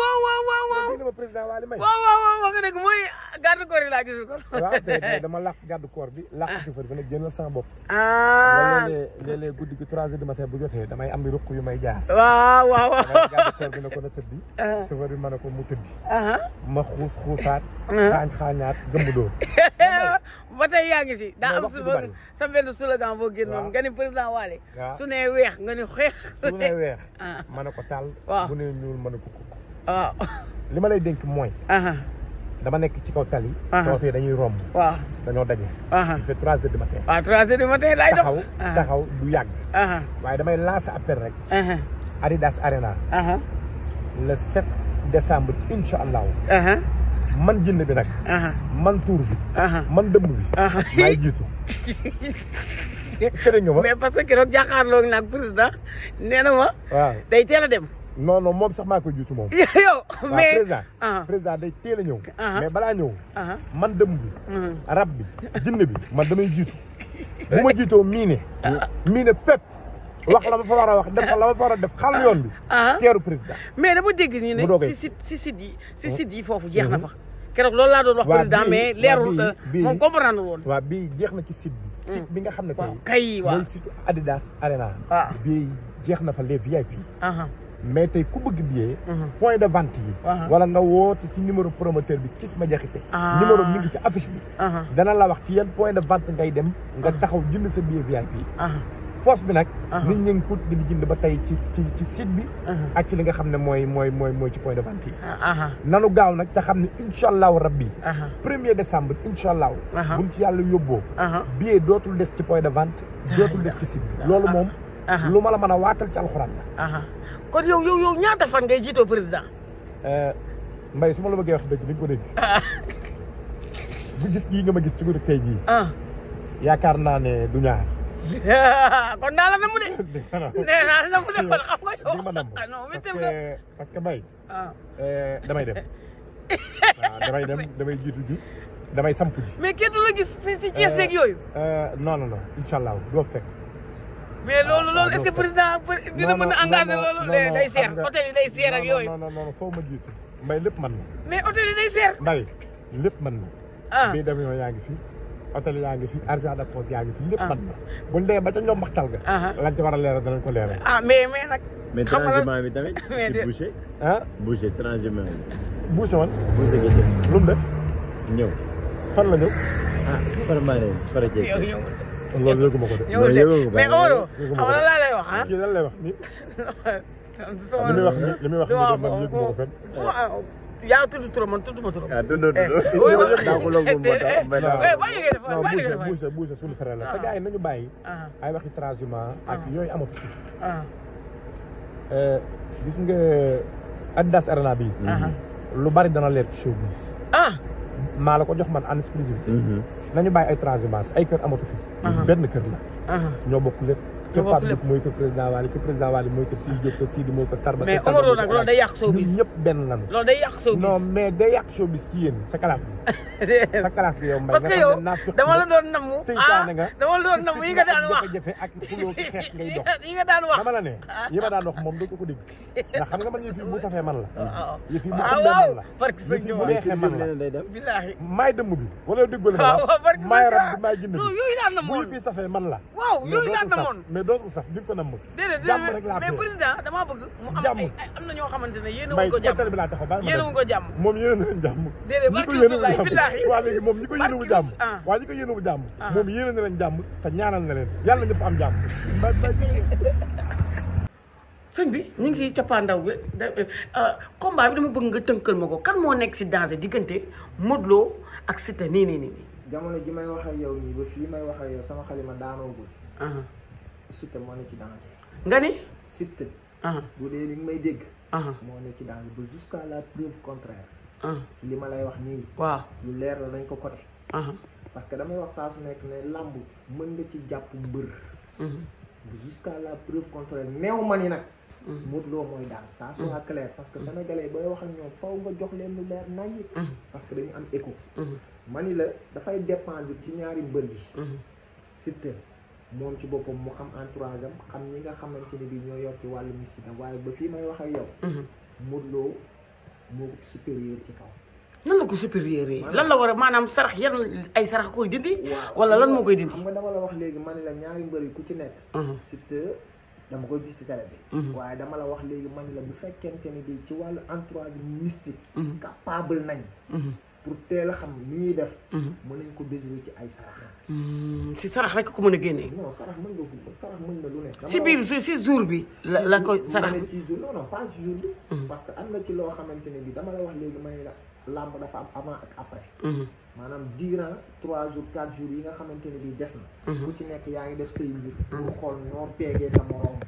waaw waaw waaw waaw waaw dina ma président Waly Mbaye waaw waaw waaw wax nga dëgg mooy garde corps yi laa gisul ko waaw tey dama làq garde corps bi làq ah. chauffeur bi nag génnal sama bopp ah léeg-léeg guddi gi trois heures du matin bu jotee damay am bi ruq yu may jaar waaw waaw waaw garde corps bi ne ko na tëddi ah. chauffeur bi ma ne ko mu tëddi ah. ma xuus xuusaat xaañ xaañaat gëmb dóor ba tey yaa ngi si daa am su sa benn slogan boo génnoon nga ni président Waly su ne weex nga ni xeex su ne weex ma ne ko taal bu ne ñuul ma ne ko waaw ah. li ma lay dénk mooy. dama nekk ci kaw tali. tawat dañuy romb. waaw dañoo daje. il fait trois heures du matin. waaw ah, trois heures du matin laay dox taxaw du yàgg. waaye damay lancer appel rek. Adidas Arena. le 7 décembre incha allahu. man jënd bi nag. man tuur bi. man dëmb bi. maay jiitu. est-ce mais parce que keroog jàkkaarloo nag président nee na ma. waaw day teel a dem. non non mom sax maa koy tout Le mais président. Ah. président de mais dit. mais balaa ñëw. Ah. man dëmm bi. Hmm. rab bi bi man damay jiitu. bu ma jiitoo miine. miine wax la ma fa war a wax def la ma fa a def xal yoon ah. président. mais dama dégg nii de si site yi site yi foofu jeex na hmm. fa. keroog loolu laa doon wax président mais leerul euh, moom comprendre woon. waaw bii jeex na site bi. Hmm. site bi nga site Adidas Arena. jeex na fa VIP. mais tey ku bëgg billet. Mhm. point de vente yi. Uh-huh. wala nga woote ci numéro promoteur bi Kisma Diakhaté. Ah. numéro mi ngi ci affice bi. Uh-huh. dana la wax ci yan point de vente ngay dem. nga uh-huh. taxaw jënd sa billet VIP. foos bi nag. nit ñi ngi jënd ba tey ci ci ci site ak ci li nga xam ne mooy mooy mooy mooy ci point de vente yi. nanu gaaw nag te xam ne incha allahu rabbi. premier décembre incha allahu. buñ ci yàlla yóbboo. billet dootul des ci point de vente. dootul des ci site bi loolu moom. lu ma la mën a waatal ci alxuraan la. kon yow yow yow ñaata fan ngay jiitoo président. Eh, Mbaye su ma la bëggee wax dëgg bi nga ko dégg. bu gis gii nga ma gis ci guddi tey jii. Ah. yaakaar naa ne du ñaar. kon naa la namu de. nee naa la namu de kon xam nga yow. ma namu ah, parce que parce que Mbaye. Ah. Eh, damay dem. waaw damay dem damay jiitu ji damay samp ji. mais kenn la gis si si Thiès beeg yooyu. Eh, non non non incha allah fekk. mais loolu loolu est-ce que président dina mën a engagé loolu. day seer hôtel yi day seer ak yooyu. non non non foo ma jiitu mbay lépp mën na. mais hôtel yi yaa ngi fi. hôtel yaa ngi fi argent de poche yaa ngi fi. lépp mën na buñ demee ba ca ñoom mbaxtal ga. lañ ci war a leeral danañ ko leeral. ah mais mais transiment bi tamit. mais transiment bi. boucher man. boucher lu mu ñëw. fan la ñëw. ah faramaare farajee. loolu yëgu ma ko de. ñëwul de mais Oro. xam nga laa lay wax ah. kii lan lay wax nii. li muy wax nii li muy wax nii de man yëgu ma ko fenn. yaa tudd turam man tudd ma turam. ah dund dund. wóoy wóoy buuse buuse suñu frère la. te gars yi nañu bàyyi. ay waxi transhumant ak yooyu amatu fi. gis nga Adidas Arena bi. lu bari dana leer ci showbiz. maa la ko jox man en exclusivité mhm. nañu bàyyi ay transhumance ay kër amatu fi benn kër la ñoo bokk lépp kër Pape Diouf mooy kër président Wally kër président Wally mooy kër Sidi Diop kër Sidi mooy kër Tarba mais Omaro nag loolu day yàq showbiz ñun ñëpp benn lañu loolu day yàq showbiz non mais day yàq showbiz ci yéen sa classe bi sa classe bi yow mbay parce que yow ah, dama la doon namu ah dama la doon namu yi nga daan wax jafe ma moom doo ko dégg ndax xam nga man yëf yi bu safee man la yëf yi bu ah, xumbe man la yëf yi bu neexee man la bilahi maay dëmm bi wala déggal ma maay rab bi maay gind bi yooyu laa namoon bu yëf yi safee man la waaw yooyu laa namoon mais dootul saf di nga ko namm déedéet jàmm rek laa mais président damaa bëgg mu am na ñoo xamante ne a ngi ko jàmm yéen a ngi ko jàmm moom yéen a ngi jàmm waa léegi moom ñi ko yéenewu jàmm waa ñi ko yéenewu jàmm ah. moom yéene na leen jàmm te ñaanal na leen yàlla ñëpp am euh, euh, kan moo nekk si danger diggante Modou Lo ak Siteu nii nii nii jamono ji may wax ak yow nii ba sama xalima daanoogul Siteu moo ne ci danger nga ni Siteu bu dee li may dégg moo ne ci danger ba jusqu'à la preuve contraire Ah. ci li ma lay wax nii. waaw lu leer la dañ ko côté. Ah. parce que damay wax saa su nekk ne làmb mën nga ci jàpp mbër. Mm-hmm. jusqu'à la preuve contraire néew ma ni nag. Mm-hmm. Modou loo mooy daan ça soit mm-hmm. clair parce que sénégalais booy wax ak ñoom faw nga jox leen lu leer naññi. parce que dañu am écho. ma ni la dafay dépendre ci ñaari mbër yi. Siteu moom ci boppam mu xam entourage am xam ñi nga xamante ne bi ñoo yor ci wàllu waaye ba fii may wax a yow. Modou Lo moo ko supérieur ci kaw. nan la ko supérieur yi lan la war a maanaam sarax yan ay sarax koy dindi. wala lan moo koy dindi. xam nga dama la wax léegi man la ñaari mbër yi ku ci nekk. Uh-huh. surtout dama koy gis ci télé bi. Uh-huh. waaye dama la wax léegi man la bu fekkente ni bi ci wàllu entourage mystique. Uh-huh. capable nañ. pour teel a xam ni ñuy def. Mhm. mën nañ ko déjouer ci ay sarax. Hmm, si sarax rek ko mën a génnee. non sarax mën nga ko sarax mën na lu ne. si biir si jour bi. la la ko sarax bi ci jour mhm. que am na ci loo xamante ne bi dama la wax léegi may la làmb dafa am avant ak après. Mhm. maanaam durant trois jours quatre jours yi nga xamante ne bi des na. ku ci nekk yaa ngi def say mbir. pour xool noo peegee sa morom.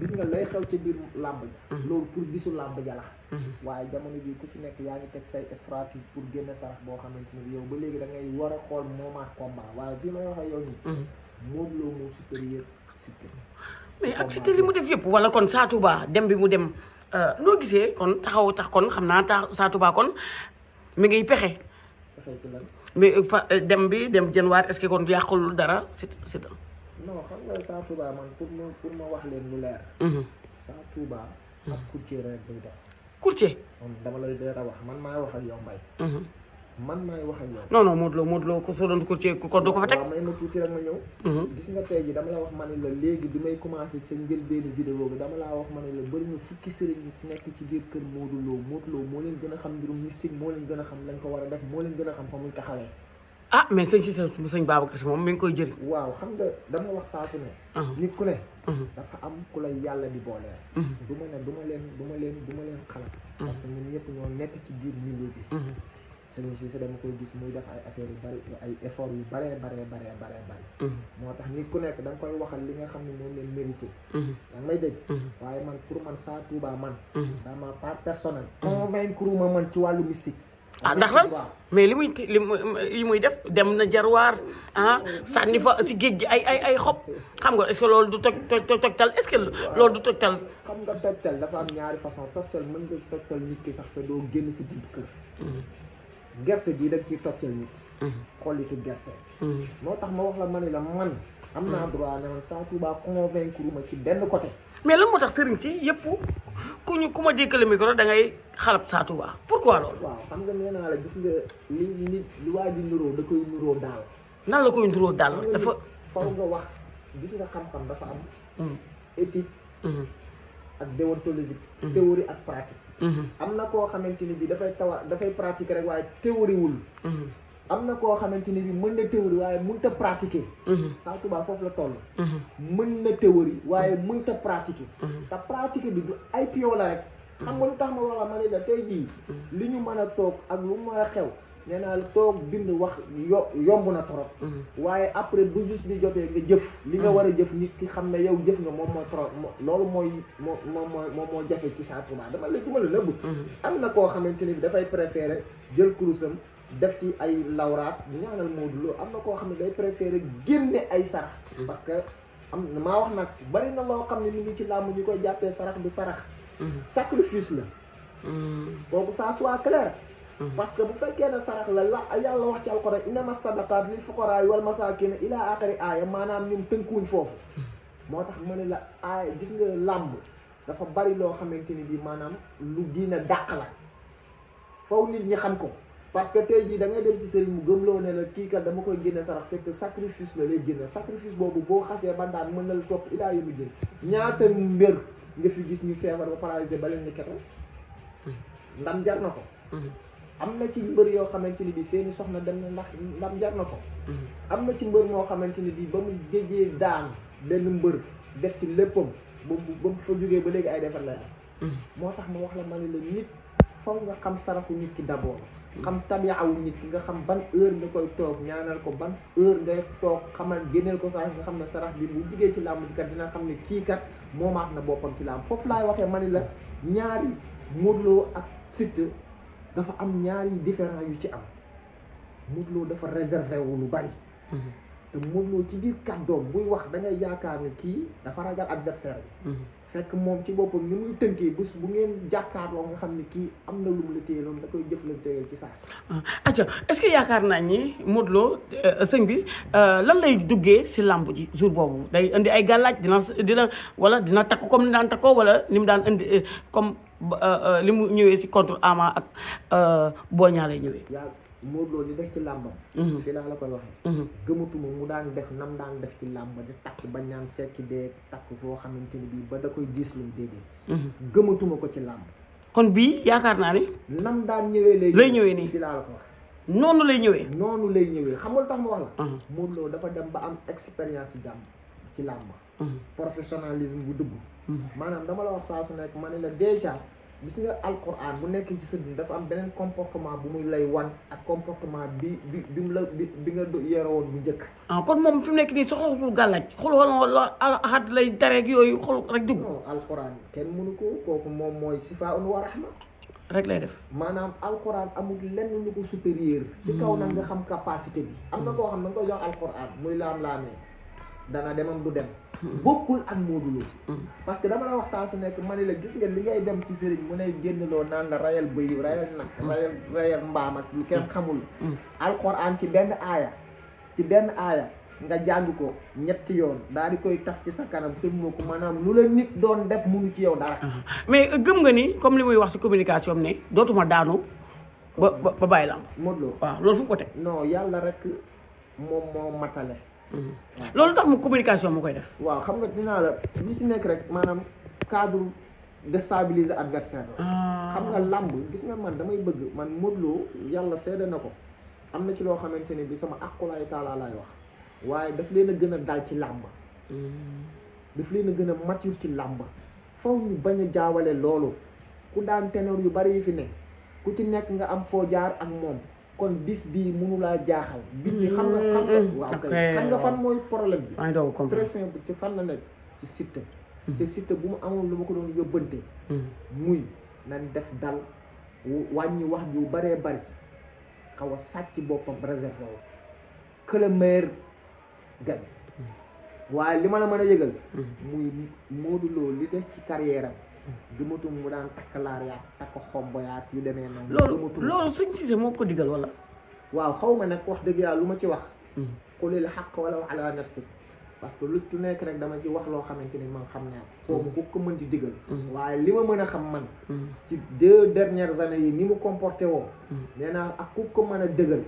gis nga lay xew ci biir làmb ja mm-hmm. loolu làmb ja la mm-hmm. waaye jamono ji ku ci nekk yaa ngi teg say stratégie pour génne sarax boo xamante ne yow ba léegi da ngay war a xool moomaat combat waaye fii may waxee yow nii mm-hmm. loo moo supérieur li mu def yëpp wala kon Sa Touba dem bi mu dem euh, noo gisee kon taxaw tax kon xam naa tax Sa Touba kon mi ngiy pexe mais euh, euh, dem bi dem janvier est-ce que kon yàqul dara Siteu Siteu non xam nga Sa Touba man pour ma wax leen lu leer. Mhm. Sa Touba. Mhm. ak courtier rek day dox. courtier. dama lay dee wax man maay wax ak yow Mbaye. Mhm. man maay wax ak yow. non non Modou Lo Modou ko soo doon courtier kon du ko fa teg. waaw may ma tuuti rek ma ñëw. gis nga tey dama la wax ma ne la léegi bi may commencé sa njëlbéenu vidéo bi dama laa wax ma ne la bëri na fukki sëriñ nekk ci biir kër Modou Lo Modou Lo moo leen gën a xam mbirum moo leen gën a xam lañ ko a def moo leen gën a xam fa muy taxawee. ah mais sëñ si sëñ Babacar si moom mi ngi koy jëriñ. waaw xam nga dama wax saa su ne. Uh-huh. nit ku ne. Uh-huh. dafa am ku lay yàlla di booleel. Uh-huh. du ma ne du ma leen du ma leen du ma leen xalaat. parce ñun ñëpp ñoo nekk ci biir milieu bi. sëñ si si dama koy gis muy def ay affaire yu bari ay effort yu baree baree baree baree bari. moo tax nit ku nekk da koy waxal li nga xam ne moom leen mérité. da nga may dégg. waaye man pour man saa Touba man. dama part personnel. convaincre ma man ci wàllu mystique. ah ndax lan mais li muy li muy def dem na jarwaar ah sànni fa si géej gi ay ay ay xob xam nga est-ce que loolu du toj toj toj tal est-ce que loolu du toj tal xam nga tojtal dafa am ñaari façon tojtal mën nga tojtal nit ki sax te doo génn si biir kër mm-hmm. gerte gi da ci tojtal nit mm-hmm. xollitu gerte mm-hmm. moo tax ma wax la ma ne la man am naa droit ne man Sa Touba convaincre ma ci benn côté mais lan moo tax sëriñ si yëpp ku ñu ku ma jékkale micro da ngay xalab saa Touba pourquoi loolu. waaw xam nga nee naa la gis nga li nit li waa ji nuroo da koy nuroo daal. nan la koy nuroo daal dafa. faw nga wax gis nga xam-xam dafa am. Mm-hmm. éthique. Mm-hmm. ak déontologique. Mm-hmm. théorie ak pratique. am na koo xamante ni bi dafay tawa dafay pratique rek waaye théorie am na koo xamante ni bi mën na théorie waaye mun a pratiquer. Mhm. Sëñ Tuubaa foofu la toll. Mhm. mën na théorie waaye mhm. mënut ta pratiquer. te pratiquer bi du ay pion la rek. xam nga lu tax ma wax la ma ne la tey li ñu mën a toog ak lu mën a xew. nee naa toog bind wax yo yomb na trop. waaye après bu juste bi jotee nga jëf. li nga war a jëf nit xam ne yow jëf nga moom mooy trop loolu mooy moo moo moo jafe ci Sëñ Tuubaa dama la dama la nëbb. am na koo xamante ni bi dafay préféré jël kurusam. def ci ay lawraat ñaanal Modou Lo am na koo xam ne day préféré ne ay sarax. Mm-hmm. parce que am maa wax nag bari na loo xam ne mi ngi ci làmb ñu koy jàppee sarax du sarax. Mm-hmm. sacrifice la. kooku mm-hmm. sa soit clair. parce que bu fekkee ne sarax la la yàlla wax ci alxuraan innama sadaqaat lil fuqaraa wal masaakiin ila aaxiri aaya maanaam ñun tënkuwuñ foofu. moo tax ma ne la aaya gis nga làmb dafa bari loo xamante ni bii maanaam lu diina dàq la faw nit ñi xam ko. parce que tey jii da ngay dem ci sëriñ mu gëmloo ne la kii kat dama koy génne sarax fekk sacrifice la lay génne sacrifice boobu boo xasee ba daan mën na la topp idaa ñaata mu jël mbër nga fi gis ñu feebar ba paralysé ba leen ñu ketal hmm. ndam jar na ko hmm. am na ci mbër yoo xamante ni bi seeni soxna dem na ndax ndam jar na ko hmm. am na ci mbër moo xamante ni bi ba mu géjee daan lenn mbër def ci léppam ba mu fa jógee ba léegi ay defar lay moo tax ma wax la ma ne la nit foog nga xam sarafu nit ki d'abord xam tabiawu nit ki nga xam ban heure nga koy toog ñaanal ko ban heure ngay toog xamal génneel ko sarax nga xam ne sarax bi bu jugee ci làmb kat dina xam ne kii kat moom moomaat na boppam ci làmb foofu laay waxee ma la ñaari Modou Lo ak Siteu dafa am ñaari différent yu ci am Modou dafa réservé wu lu bari mhm. te Modou Lo ci biir kàddoom buy wax da ngay yaakaar ne kii dafa ragal adversaire bi mhm. fekk moom ci boppam ni muy tënkee bés bu ngeen jàkkaarloo nga xam ne kii am na lu mu la téyeloon da koy jëflante ci saas acca ah, est-ce que yaakaar naa ni Modou Lo euh, sëñ bi euh, lan lay duggee si làmb ji jour boobu day indi ay gàllaaj dina dina wala dina takk comme ni daan takkoo wala ni mu daan indi euh, comme li mu ñëwee si contre Ama ak Boña lay ñëwee Modou Lo li des ci làmbam mhm. fii laa la koy waxee mhm. gëmatuma mu daan def nam daan def ci làmb di takk ba ñaan sekki bee takk foo xamante ni bii ba da koy diisloo déedéet mhm. gëmatuma ko ci làmb kon bii yaakaar naa ni nam daan ñëwee lay lay ñëwee nii fii laa la ko waxee noonu lay ñëwee noonu lay ñëwee xam tax ma wax la Modou Lo dafa dem ba am expérience ci jàmm ci làmb professionnalisme bu dugg maanaam dama la wax saa su nekk ma ne la déjà gis nga alquran bu nekkee ci sa dund dafa am beneen comportement bu muy lay wan ak comportement bi bi bi mu la bi nga yore woon bu njëkk. ah kon moom fi mu nekk nii soxlawul gàllaaj xul wala ahad lay dareeg yooyu xul rek dugg. non alquran kenn mënu ko kooku moom mooy sifaa un wa rahma. rek lay def maanaam alquran amul lenn lu ko supérieur. ci kaw nag nga xam capacité bi. am na koo xam ne nga koy jox alquran muy laam-laamee. dana demam du dem hmm. bokkul ak Modou Lo hmm. parce que dama la wax saa su nekk ma ne la gis nga li ngay dem ci sëriñ mu ne génn loo naan la rayal bëy rayal nag hmm. rayal rayal mbaam ak lu kenn xamul alxuraan ci benn aaya ci benn aaya nga jàng ko ñetti yoon daal di koy taf ci sa kanam te mu ko maanaam lu la nit doon def munu ci yow dara ah. mais gëm nga ni comme li muy wax si communication ne dootuma daanu ba ba la am Modou Lo waaw loolu fu ko teg non yàlla rek moom moo matale Mm-hmm. loolu tax mu communication moo koy def. waaw xam nga dinaa la lu si nekk rek maanaam cadre déstabiliser adversaire ah. xam nga làmb gis nga man damay bëgg man Modou yàlla seede na ko am na ci loo xamante ne bi sama akulaay taalaa laay wax waaye daf leen a gën a dal ci làmb mm-hmm. daf leen a gën a mature ci làmb faw ñu bañ a jaawale loolu ku daan ténor yu bari yi fi ne ku ci nekk nga am foo jaar ak moom kon bis bii mënulaa jaaxal. bitti xam nga mm-hmm. xam nga. waaw kay fan mooy problème bi. maa ngi doon ci fan la nekk ci Siteu. Mm-hmm. te Siteu bu mu amoon lu ma ko doon yóbbante. Mm-hmm. muy nañ def dal wàññi wax ju baree bari xaw a sàcc boppam réservé wu. que waaye li ma la mën a yëgal. muy Modou Lo li des ci carrière gëmatum mu daan takk laar yaa takk xombo yaa yu demee noonu. gëmatum loolu loolu suñ Cissé moo ko digal wala. waaw xaw ma nekk wax dëgg yàlla lu ma ci wax. xulil hmm. xaq wala a nafsi parce que lu tu nekk rek dama ci wax loo xamante ni man xam naa ko. xaw ko mën di digal. Hmm. Hmm. waaye li ma mën a xam man. ci deux dernières années yi ni mu comporté woo. nee naa ak ku ko mën a dëgal.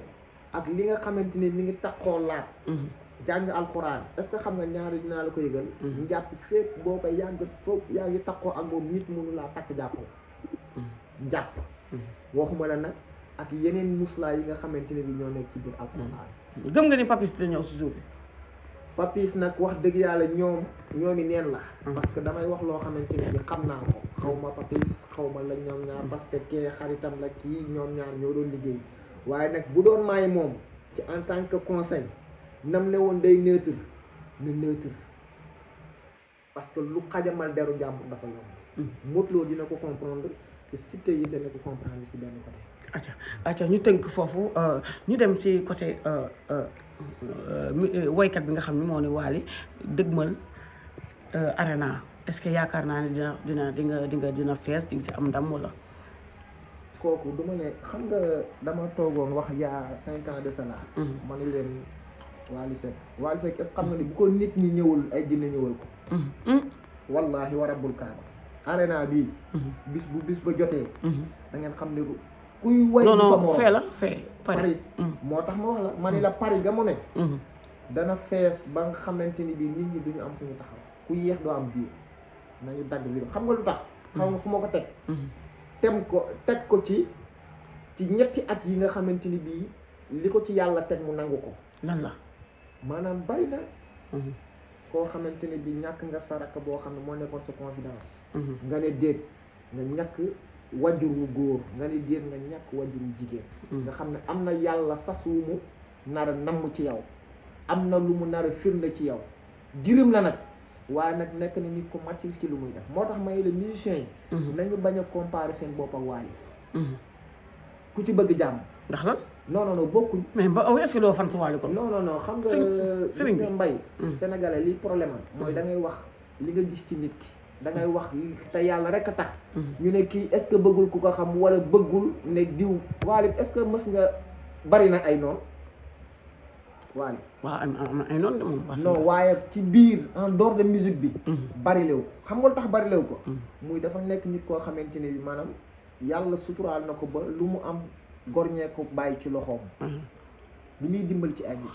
ak li nga xamante ni mi ngi takkoo laat. jang alquran est-ce xam nga ñaari dina la ko yegal mhm. njàpp fépp boo ko yàgg foog yaa ngi takkoo ak mom nit mënu la tak japp mhm. japp mhm. waxuma la nak ak yeneen musla yi nga xamanteni bi ñoo nek ci bir alquran gëm nga ni papis dina ñëw jour papis nak wax deug yàlla ñoom ñoomi neen la parce que damay wax lo xamanteni bi xamna ko xawma papis xawma la ñoom ñaar parce que ke xaritam la ki ñoom ñaar ñoo doon liggey waye nak bu doon may mom ci en tant que conseil nam ne woon day neutre na neutre parce que lu xajamal deru jàmbur dafa yomb. Hmm. Modou Lo dina ko comprendre te Siteu yi dana ko comprendre si benn côté. acca ñu tënk foofu euh, ñu dem ci côté euh, euh, woykat bi nga xam ne moo ne Waly dëgmal arena est-ce que yaakaar naa ne dina dina di nga di dina fees di nga si am ndam wala. kooku du ne xam nga dama toogoon wax yaa cinq ans de cela. Hmm. ma ne leen. Wally Seck kes xam nga ni bu ko nit ñi ñëwul ay jinne ñëwal ko mm-hmm. Mm-hmm. wallahi wa rabbul kaaba arena bii mm-hmm. bis bu bis ba jotee da ngeen xam ne kuy way non non fee la fee Paris moo tax ma wax la man ni la Paris ga mu ne dana fees ba nga xamante ni bii nit ñi duñu am suñu taxaw ku yéex doo am biir nañu dagg bi xam nga lu tax xam nga fu ma ko teg tem ko teg ko ci ci ñetti at yi nga xamante ni bii li ko ci yàlla teg mu nangu ko nan na maanaam bari na mhm. koo xamante ne bi ñàkk nga sa rakk boo xam ne moo nekkoon sa confidence mhm. nga ne déet nga ñàkk wajur wu góor nga ne déet nga ñàkk wajur wu jigéen mhm. nga xam ne am na yàlla sas wu mu nar a namm ci yow am na lu mu nar a firnde ci yow jirim la nag waaye nag nekk na nit ko matil ci lu muy def moo tax may la musiciens yi nañu bañ a comparer seen bopp ak ku ci bëgg jàmm ndax lan non non non bokkuñ. mais ba oh, est ce que doo fan tuwaale kon. non non non xam nga. sëriñ bi mbay. Mm. sénégalais li problème mooy mm. da ngay wax li nga gis ci nit ki. da ngay wax te yàlla rek a tax. Mm. ñu ne kii est ce que bëggul ku ko xam wala bëggul ne diw. Wally est ce que mës nga bari na ay noonu Wally. waaw am am ay noonu de waaye ci biir en dehors de musique bi. barilew ko xam nga lu tax barilew ko. muy dafa nekk nit koo xamante ne bi maanaam yàlla suturaal na ko ba lu mu am. gorñeeku bàyyi ci loxoom mm-hmm. li muy dimbali ci ay nit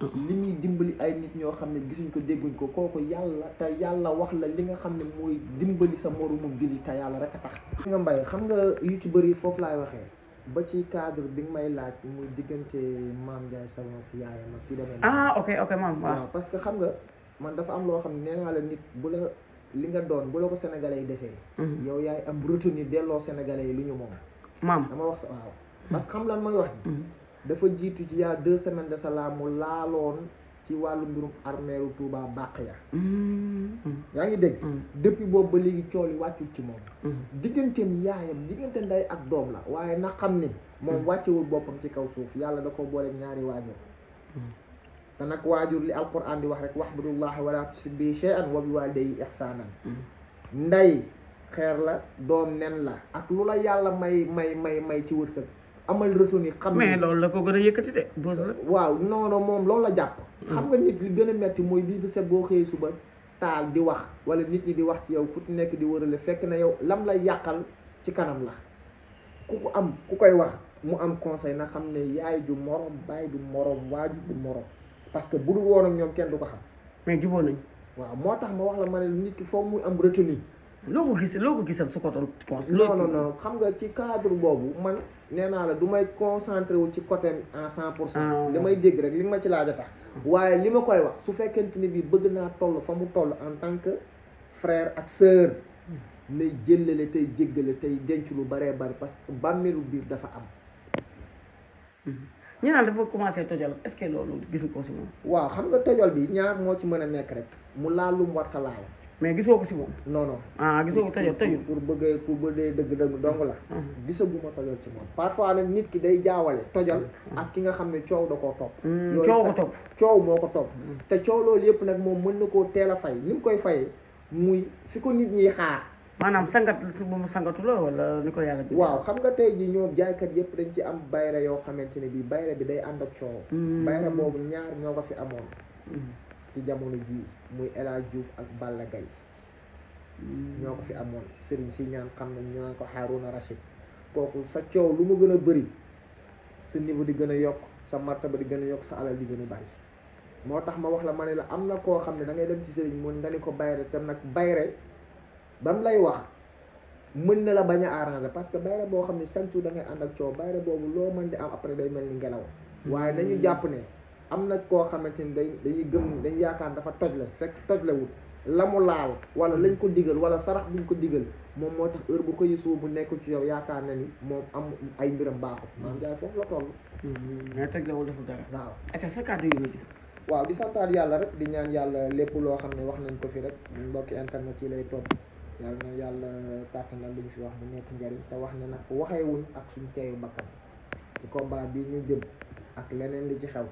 mm-hmm. li muy dimbali ay nit ñoo xam ne gisuñ ko dégguñ ko kooku yàlla te yàlla wax la li nga xam ne mooy dimbali sa moroomu julli te yàlla rek a tax nga mbay xam nga yu ci bëri foofu laay waxee ba ci cadre bi nga may laaj muy diggante maam Ndiaye sa ak yaayam ak ki demee ah parce que xam nga man dafa am loo xam ne nee naa la li nga doon bu la ko sénégalais yi defee mm-hmm. yow yaay am retenu delloo sénégalais lu ñu moom maam dama wax sa waaw parce que xam lan mooy wax ji mm-hmm. dafa jiitu ci yaa deux semaines de salaam mu laaloon ci wàllu mbirum armeeru tuuba bàq ya mm-hmm. yaa ngi dégg mm-hmm. depuis boobu ba léegi cool yi wàccul ci moom digganteem yaayam diggante ndey ak doom la waaye na xam ni moom wàccewul boppam ci kaw suuf yàlla da ko boole ñaari waajur te nag waajur li alquran di wax rek wa'budullaha wala tushriku bihi shay'an wa bi walidayhi ihsanan ndey xeer la doom nen la ak lu la yàlla may may may may ci wërsëg amal retourné xam ne mais loolu la ko gën a yëkkati de waaw non moom loolu la jàpp hmm. xam nga nit li gën a metti mooy bii bi set boo xëyee suba taal di wax wala nit ñi di wax ci yow fu ci nekk di wërale fekk na yow lam la yàqal ci kanam la ku ko am ku koy wax mu am conseil na xam ne yaay du morom baay du moroom waaju du morom parce que bu dul woon ak ñoom kenn du ko xam mais juboo nañ waaw moo tax ma wax la ma ne nit ki foog muy am retenue loo ko gi loo ko gisal su ko doon non xam nga ci cadre boobu man nee naa la du may concentré wu ci côté en cent pour cent ah, li may dégg rek li ma ci laaj a tax waaye li ma koy wax su fekkente ni bii bëgg naa toll fa mu toll en tant que frère ak sœur nay jëllale tey jéggale tey denc lu baree bari parce que bàmmeelu biir dafa am mhm. ñu naan dafa commencé tojol est-ce loolu gis nga ko si moom waaw xam nga tojol bi ñaar moo ci mën a nekk rek mu laal lu mu mais gisoo ko si moom. non non ah pour bëggee pour bëggee dëgg-dëgg dong la. Ah. gisagu ma tojal si moom. parfois nag nit ki day jaawale. tojal ah. ak ki nga xam ne coow da koo topp. Hmm, coow coow moo ko topp. Hmm. te coow loolu yëpp nag moom mën na koo teel a fay ni mu koy fayee muy fi ko nit ñiy xaar. maanaam sangat su mu sangatu la wala ni ko yàlla. waaw xam nga tey ji ñoom jaaykat yëpp dañ ci am bayra yoo xamante ne bii bayra bi day ànd ak coow. Hmm. bayra boobu ñaar ñoo ko fi amoon. ci jamono ji muy El Hadj ak Balla gay ñoo ko fi amoon serigne si ñaan xam nañ ñu ko Harouna Rachid kooku sa ciow lu mu gëna bëri sa niveau di gëna yok sa martaba di gëna yok sa alal di gëna bari motax ma wax la mané la amna na xamné da ngay dem ci serigne mo ko bayre tam nak bayre bam lay wax mën na la baña arrangé parce que bayre bo xamné santu da ngay and ak ciow bayre bobu lo mën di am après day mel ni ngelaw waaye nañu jàpp am na koo xamante ni day dañuy gëm dañ yaakaar dafa toj tojle fekk tojlewut la mu laal wala lañ ko digal wala sarax buñ ko digal moom moo tax heure bu ko yësoo bu nekkul ci yow yaakaar na ni moom am ay mbiram baaxut maam jaay foofu la toll. Mm-hmm. mais tojlewul dafa dara. waaw ayca sa yàlla rek di ñaan yàlla lépp loo xam ne wax nañ ko fi rek mbokki internet yi lay topp yàlla na yàlla kàttanal lu ñu fi wax bu nekk njariñ te wax ne nag waxeewuñ ak suñ teeyu bakkan ci combat bi ñu jëm ak leneen li ci xew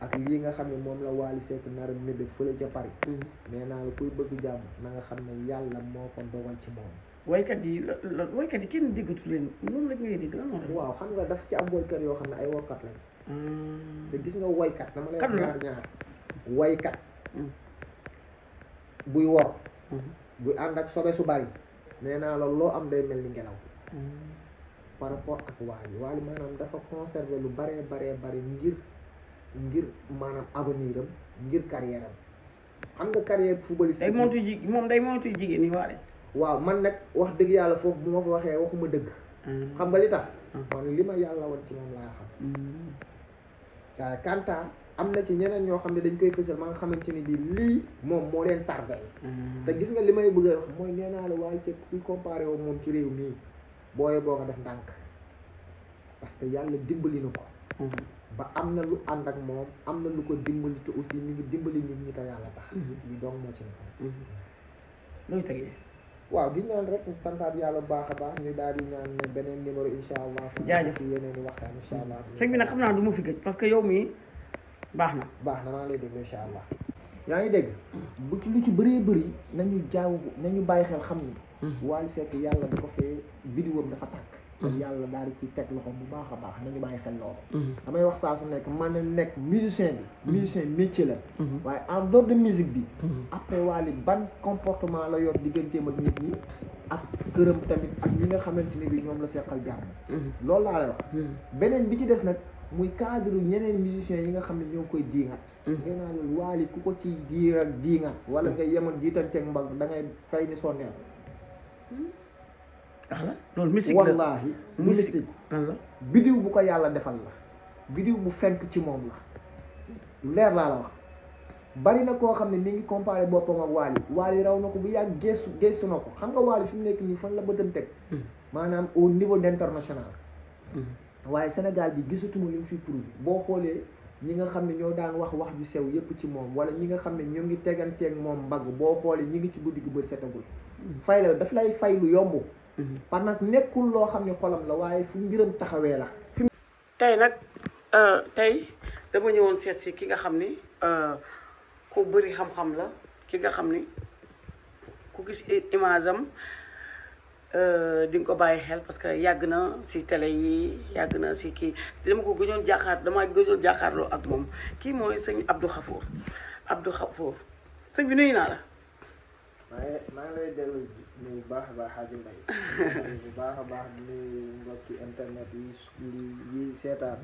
ak lii nga xam ne moom la Wally Seck nar a mébét fële ca Paris. Mm-hmm. nee naa la kuy bëgg jàmm na nga xam ne yàlla moo ko dogal ci moom. woykat yi la woykat yi kenn déggatu leen moom la ngay dégg lan moo tax. ci am woykat yoo xam ne ay woykat lañ. Mm. gis nga woykat dama lay ñaar ñaar mm. buy wor. Mm-hmm. buy ànd su bari. nee naa la loo am day mel ni ngelaw. Mm. par rapport ak Wally Wally maanaam dafa conserver lu baree baree bari ngir. ngir maanaam avenir ngir carrière xam nga carrière footballiste. day moytu ji moom day moytu jigéen ñi waaye. waaw man nag wax dëgg yàlla foofu bu ma fa waxee waxuma dëgg. Mm. xam nga li tax. man mm. li ma yàlla woon ci moom laa xam. waaye mm. Kanta am na ci ñeneen ñoo xam ne dañ koy fësal ma nga xamante ni bii lii moom moo leen tardé. te gis nga li may bëgg a wax mooy nee naa la Wally Seck kuy comparé moom ci réew mii booyee boo ko def ndànk parce que yàlla dimbali na ko. ba am na lu ànd ak moom am na lu ko dimbali te aussi ñu ngi dimbali nit ñi te yàlla tax ñu mhm. doom moo ci nekk mhm. nooy tegee waaw di ñaan rek santaat yàlla bu baax a baax ñu daal di ñaan ne beneen numéro insha allah jaajëf ci yeneen i waxtaan insha allah mhm. sëñ bi nag xam naa du ma fi gëj parce que yow mii baax na baax na maa ngi lay déglu insha allah yaa ngi dégg bu ci lu ci bëree bëri nañu jaaw nañu bàyyi xel xam ni Wally Seck yàlla dafa fee bidiwam dafa tàkk Mhm. yàlla daal di ci teg loxo bu baax a baax nañu bàyyi xel loolu mhm. damay wax saa su nekk man na nekk musicien bi mhm. musicien métier la waaye en dehors de musique bi après Wally ban comportement la yor digganteem ak nit ñi ak këram tamit ak ñi nga xamante ni bi ñoom la seqal jàmm lool laa lay wax beneen bi ci des nag muy cadre ñeneen musiciens yi nga xam ne ñoo koy diingat nee naa leen Wally ku ko ci diir ak diingat wala nga yemoon jiitanteeg mbagg da ngay fay ni sonneel loolu mystique la wallaahi mystique bidiw bu ko yàlla defal la bidiw bu fenk ci moom la leer laa la wax bari na koo xam ne mi ngi comparé boppam ak waali waali raw na ko bu yàgg geesu geesu na ko xam nga waali fi mu nekk nii fan la bëtam teg hmm. maanaam au niveau international hmm. waaye Sénégal bi gisatuma lu mu fi prouvé boo xoolee ñi nga xam ne ñoo daan wax wax ju sew yépp ci moom wala ñi nga xam ne ñoo ngi teganteeg moom mbagg boo xoolee ñi ngi ci guddi gi bët setagul hmm. fay daf lay fay yomb Mhm. par nag nekkul loo xam ne xolam la waaye fu ngiram taxawee la tey nag euh, tey dama ñëwoon seet si ki nga xam ni euh, ku bëri xam-xam la ki nga xam ni ku gis image am euh, di nga ko bàyyi xel parce que yàgg na si tele yi yàgg na si kii dama ko gëjoon jàkkaar dama gëjoon jàkkaarloo ak moom kii mooy sëñ Abdou Khafour abdu Khafour sëñ bi nuyu naa la. maa ngi lay dellu muy baax a baax xaaji mbay bu baax baax di mbokki internet yi li yi seetaan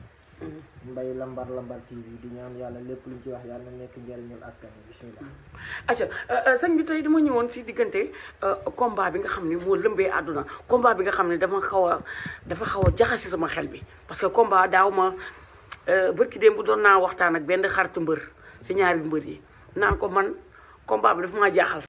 mbay lambar lambar TV di ñaan yàlla lépp luñ ci wax yàlla na nekk njëriñul askan wi bismillah. acca sëñ bi tey dama ñëwoon si diggante eh, combat bi nga xam ne moo lëmbee àdduna combat bi nga xam ne dama xaw dafa xaw a jaxase sama xel bi parce que combat daaw ma eh, bërki démb bu doon waxtaan ak benn si ñaari mbër yi naan ko man combat bi dafa